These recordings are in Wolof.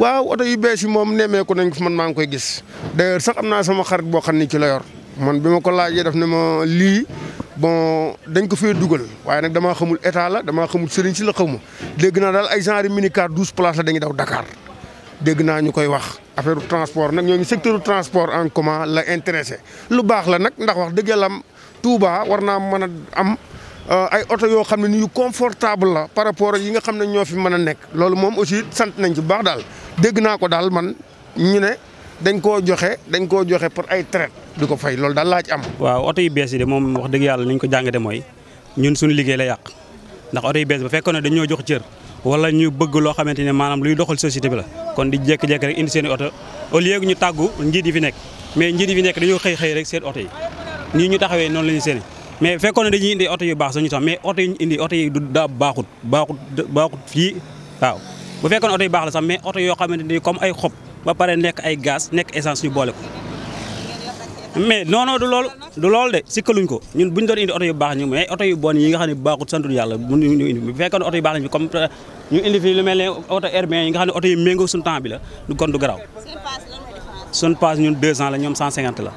waaw oto yu bees yi moom nemmeeku nañ ko man maa ngi koy gis sax am naa sama xarit boo xam ne ci la yor man bi ma ko laajee daf ne ma lii bon dañ ko fee dugal waaye nag damaa xamul état la damaa xamul sëriñ si la xaw ma dégg naa daal ay genre mini car dañuy daw Dakar dégg naa ñu koy wax affaire transport nag ñoo ngi secteur transport en la intéressé lu baax la nag ndax wax dëgg yàlla am Touba war naa mën a am euh, ay oto yoo xam ne ni yu confortable la par rapport yi nga xam ne ñoo fi mën a nekk loolu moom aussi sant nañ ci baax daal dégg naa ko daal man ñu ne dañ koo joxe dañ koo joxe pour ay traite di ko fay loolu daal laa am. waaw oto yu bees yi de moom wax dëgg yàlla ni ñu ko jàngate mooy ñun suñu liggéey la yàq ndax oto yu bees ba fekkoon ne dañoo jox cër wala ñu bëgg loo xamante ne maanaam luy doxal société bi la kon di jékki-jékki rek indi seen i oto au lieu ñu tàggu njiit yi fi nekk mais njiit yi fi nekk dañoo xëy xëy rek seen oto yi nii ñu taxawee noonu la seeni mais fekkoon ne dañuy indi oto yu baax sax ñu sax mais oto yi ñu indi oto yi du daa baaxut fii waaw bu fekkoon oto yu baax la sax mais oto yoo xamante ni comme ay xob ba pare nekk ay gaz nekk essence ñu boole ko mais non non du loolu du loolu de sikkaluñ ko ñun buñ doon indi oto yu baax ñu mais oto yu bon yi nga xam ne bu fekkoon oto yu baax lañ fi comme ñu indi fi lu oto herbien yi nga suñu temps bi la du kon du garaaw suñu paas ñun 200 la ñoom 150 la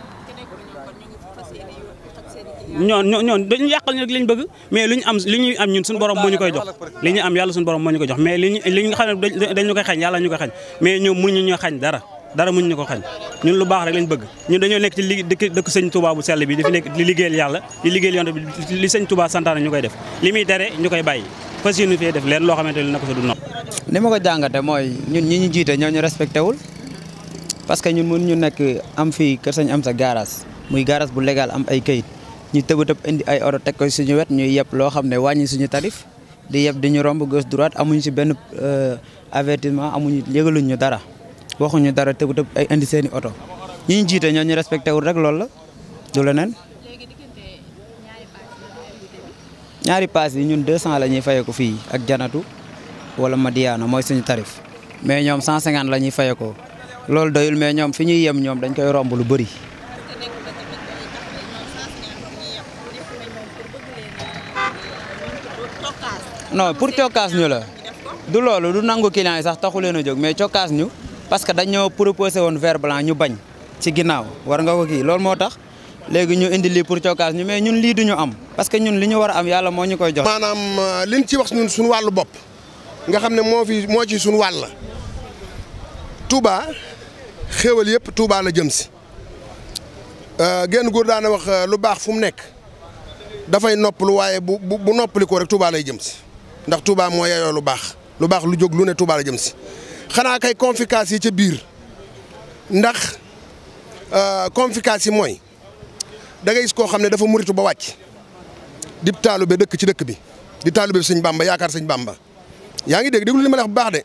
ñoon ñoo dañu yàqal ñu rek liñ bëgg mais li ñu am li ñuy am ñun suñ borom moo ñu koy jox li ñu am yàlla suñ borom moo ñu koy jox mais li ñu li nga xam ne dañu koy xañ yàlla ñu koy xañ xañ dara dara mënuñu ñu ko xañ ñun lu baax lañ bëgg ñun dañoo nekk ci dëkk sëñ Touba bu sell bi dafa nekk di liggéeyal yàlla di liggéeyal yonte bi li sëñ Touba santaane ñu koy def li muy tere ñu koy bàyyi def leen loo xamante ne nako sa du nopp ma ko jàngate mooy ñun ñi ñu jiite ñoo ñu respecté wul parce que ñun mënuñu am fii kër sëñ am sa garage muy garage bu légal am ay kayit ñu tëb tëb indi ay oto teg ko suñu wet ñuy yeb loo xam ne wàññi suñu tarif di yeb di ñu romb gos droite amuñu si benn euh, avertissement amuñu yëgaluñ ñu dara waxuñu dara tëb ay indi seen i oto ñi jiite ñoo ñu respecté wul rek loolu la du leneen. ñaari paas yi ñun 200 la ñuy fayee fii ak janatu wala Madiana mooy suñu tarif mais ñoom 150 la ñuy fayee ko loolu doyul mais ñoom fi ñuy yem ñoom dañ koy romb lu bëri. non pour cokkaas ñu la du loolu du nangu client yi sax taxu leen a jóg mais cokkaas ñu parce que dañoo proposé woon vert blanc ñu bañ ci ginnaaw war nga ko kii loolu moo tax léegi ñu indi lii pour cokkaas ñu mais ñun lii duñu am parce que ñun li ñu war am yàlla moo ñu koy jox. maanaam euh, liñ ci wax ñun suñu wàllu bopp nga xam ne moo fi moo ci suñu wàll Touba xéewal yëpp Touba la jëm si euh, genn góor daana wax euh, lu baax fu mu nekk dafay noppalu waaye bu bu noppalikoo rek Touba lay jëm si. ndax Touba moo yeyoo lu baax lu baax lu jóg lu ne Touba la jëm si xanaa kay confiance yi ca biir ndax euh, confiance yi mooy da ngay koo xam ne dafa muritu ba wàcc di taalu taalube dëkk ci dëkk bi di taalube sëñ Bamba yaakaar sëñ Bamba yaa ngi dégg déglu li ma la bu baax de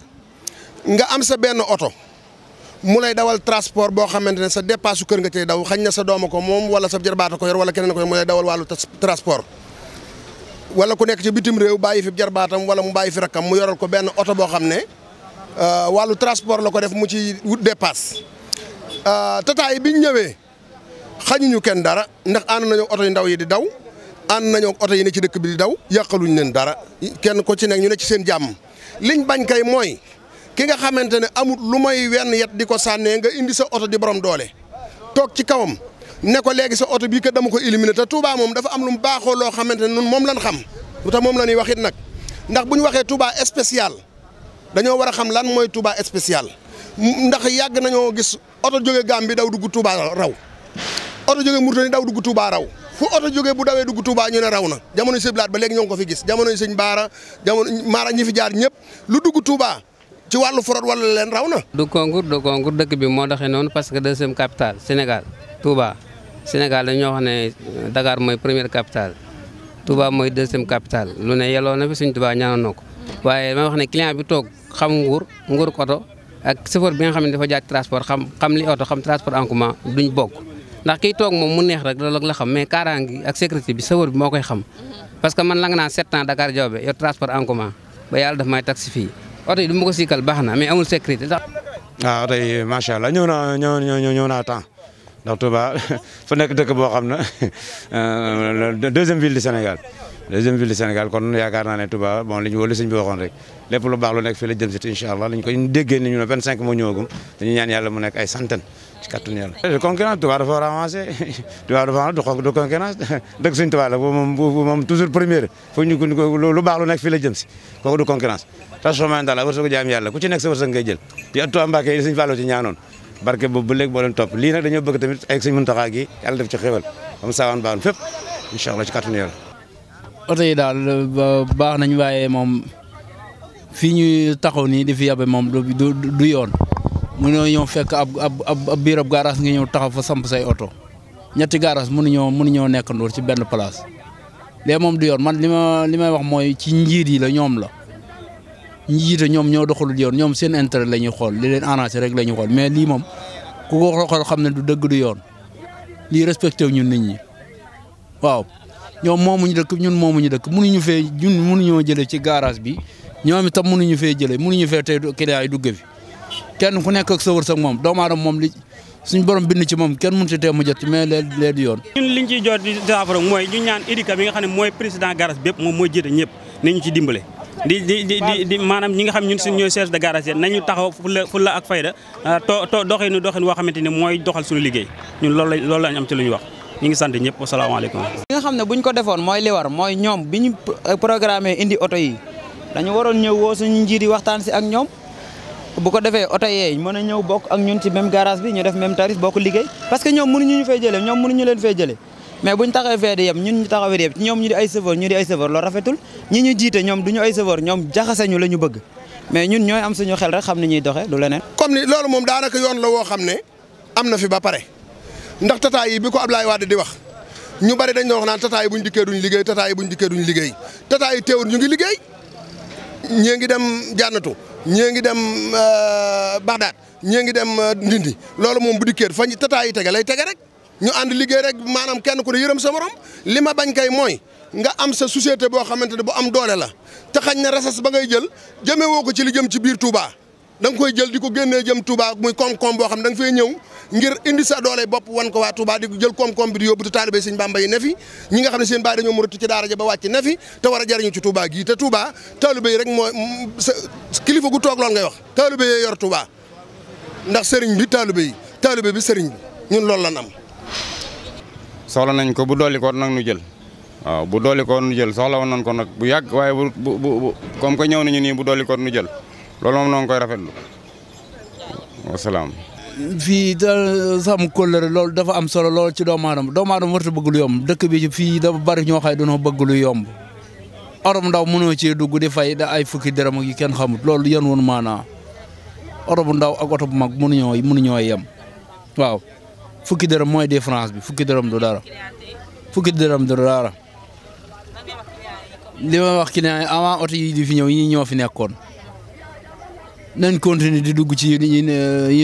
nga am sa benn oto mu lay dawal transport boo xamante ne sa dépasse su kër nga cay daw xañ na sa dooma ko moom wala sa jarbaata ko yor wala keneen ko yor mu lay dawal wàllu transport wala ku nekk ci bitim réew bàyyi fi jarbaatam wala mu bàyyi fi rakkam mu yoral ko benn oto boo xam ne euh, wàllu transport la ko def mu ci wut dépasse euh, tata bi biñ ñëwee xañuñu kenn dara ndax ànd nañoo oto yu ndaw yi di daw ànd nañoo oto yi ne ci dëkk bi di daw yàqaluñ leen dara kenn ko ci nekk ñu ne ci seen jàmm liñ bañ kay mooy ki nga xamante ne amut lu may wenn yet di ko sànnee nga indi sa oto di borom doole toog ci kawam. ne ko léegi sa oto bii kat dama ko éliminer te Touba moom dafa am lu mu baaxoo loo xamante ne nun moom lañ xam lu tax moom la ñuy wax nag ndax bu ñu waxee Touba spécial dañoo war a xam lan mooy Touba spécial ndax yàgg nañoo gis oto jóge Gàmbi daw dugg Touba raw oto jóge Mauritanie daw dugg Touba raw fu oto jógee bu dawee dugg Touba ñu ne raw na jamono Sëñ ba léegi ñoo ngi ko fi gis jamono Sëñ Baara jamono Mara ñi fi jaar ñëpp lu dugg Touba ci wàllu forot wala leen raw na. du concours du concours dëkk bi moo taxee noonu parce que deuxième capitale Sénégal Touba. Sénégal dañoo wax ne euh, Dakar mooy première capitale Touba mooy deuxième capitale lu ne yelloo na fi suñ Touba waaye ma wax ne client bi toog xam nguur nguur oto ak chauffeur bi nga xam ne dafa jaar transport xam xam li oto xam transport en commun duñ bokk ndax kiy toog moom mu neex rek loolu la xam mais kaaraange ak sécurité bi chauffeur bi moo koy xam parce que man la nga naan sept ans Dakar Diobé transport en commun ba yàlla daf may taxi ma ko siikal baax na mais ndax Touba fa nekk dëkk boo xam na euh, deuxième ville du Sénégal deuxième ville du Sénégal kon yaakaar naa ne Touba bon li ñu wóolu sëñ bi waxoon rek lépp lu baax lu nekk fii la jëm si te incha ne 25 moo ñëwagum dañu ñaan mu nekk ay centaine ci kàttanu yàlla. concurrence Touba dafa war a avancé Touba dafa moom moom toujours première fu ñu lu baax lu nekk fii la jëm si kooku du concurrence. transformation daal wërsëgu jaam yàlla ku ci nekk sa wërsëg ngay jël di at Touba Mbacké yi barke boobu ba léegi moo topp lii nag dañoo bëgg tamit ay sëñ Muntaxa gi yàlla def ci xéwal am saawaan baaxoon fépp incha allah ci kàttanu oto yi daal baax nañu waaye moom fii ñuy taxaw nii di fi yabe moom du du yoon mënoo ñëw fekk ab ab ab biirab garage nga ñëw taxaw fa samp say oto ñetti garage mënuñoo mënuñoo nekkandoor ci benn place léegi moom du yoon man li ma li may wax mooy ci njiit yi la ñoom la. ñi jiite ñoom ñoo doxalul yoon ñoom seen intérêt la ñuy xool li leen arrangé rek la ñuy xool mais lii moom ku ko xool xam ne du dëgg du yoon lii respecté wu ñun nit ñi waaw ñoom moom moomuñu dëkk ñun moomuñu dëkk mënuñu fee ñun mënuñoo jëlee ci garage bi ñoom itam mënuñu fee jëlee mënuñu fee tey client yi dugg fi kenn ku nekk ak sa wërsëg moom doomu aadama moom li suñ borom bind ci moom kenn mënut a tee mu jot mais lee lee du yoon. ñun ñu ciy jot di saafara mooy ñu ñaan Idika bi nga xam ne mooy président garage bépp moom mooy jiite ñëpp nañu ci dimbale. di di di di maanaam ñi nga xam ñun suñ ñooy chef de garage nañu taxaw fulla fulla ak fayda ah, too doxinu doxin woo xamante ni mooy doxal suñu liggéey ñun loolu lañ loolu lañ am ci lu wax ñu nga xam ne bu ñu ko defoon mooy li war mooy ñoom bi ñu eh, programme indi oto yi dañu waroon ñëw woo suñu njiit yi waxtaan si ak ñoom bu ko defee oto yee mën a ñëw bokk ak ñun ci même garage bi ñu def même tarif bokk liggéey parce que ñoom mënuñu ñu fay jëlee ñoom mënuñu leen fay jëlee mais buñ taxawee fee di yem ñun ñu taxawee di yem ñoom ñu di ay chauffeur ñu di ay chauffeur loolu rafetul ñi ñu jiite ñoom du ñu ay chauffeur ñoom jaxaseñu la ñu bëgg mais ñun ñooy am suñu xel rek xam ni ñuy doxee du leneen. comme ni loolu moom daanaka yoon la woo xam ne am na fi ba pare ndax tata yi bi ko Ablaye Wade di wax ñu bari dañ doon wax naan tata yi buñ dikkee duñ liggéey tata yi buñ dikkee duñ liggéey tata yi teewul ñu ngi liggéey ñii ngi dem jànnatu ñii ngi dem euh, Bagdad ñii ngi dem euh, Ndindi loolu moom bu dikkee fañ tata yi tege lay tege rek ñu ànd liggéey rek maanaam kenn ku ne yërëm sa morom li ma bañ kay mooy nga am sa société boo xamante ne bu am doole la te xañ ne resas ba ngay jël jëmee woo ko ci li jëm ci biir Touba da koy jël di ko génnee jëm Touba muy koom-koom boo xam da nga fay ñëw ngir indi sa doole bopp wan ko waa Touba di jël koom-koom bi di yóbbu te taalibe Sëñ Bamba yi ne fi ñi nga xam ne seen baay dañoo muratu ci daara ja ba wàcc ne fi te war a jariñu ci Touba te Touba taalibe yi rek mooy sa kilifa gu toog lool ngay wax taalibe yi yor Touba ndax sëriñ bi taalibe yi taalibe bi sëriñ ñun loolu lan am soxla nañ ko bu dolli ko nag nu jël waaw bu dolli ko jël soxla woon nañ ko nag bu yàgg waaye bu bu comme que ñëw nañu nii bu dolli ko nu jël loolu moom noo ngi rafet rafetlu wasalaam. fii sam kóllëre loolu dafa am solo lool ci doomu aadama doomu aadama warta bëgg lu yomb dëkk bii fii dafa bari ñoo xay dañoo bëgg lu yomb orom ndaw mënoo cee dugg di fay da ay fukki dërëm yi kenn xamut loolu yan woon maanaa orom ndaw ak oto bu mag mënuñoo mënuñoo yem waaw. fukki dërëm mooy différence bi fukki dërëm du dara fukki dërëm du dara li ma wax ki ne avant oto yi di fi ñëw ñi ñoo fi nekkoon nañ continuer di dugg ci yi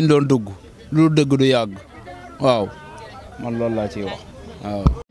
ñu doon dugg lu dëgg du yàgg waaw man loolu laa ciy wax waaw.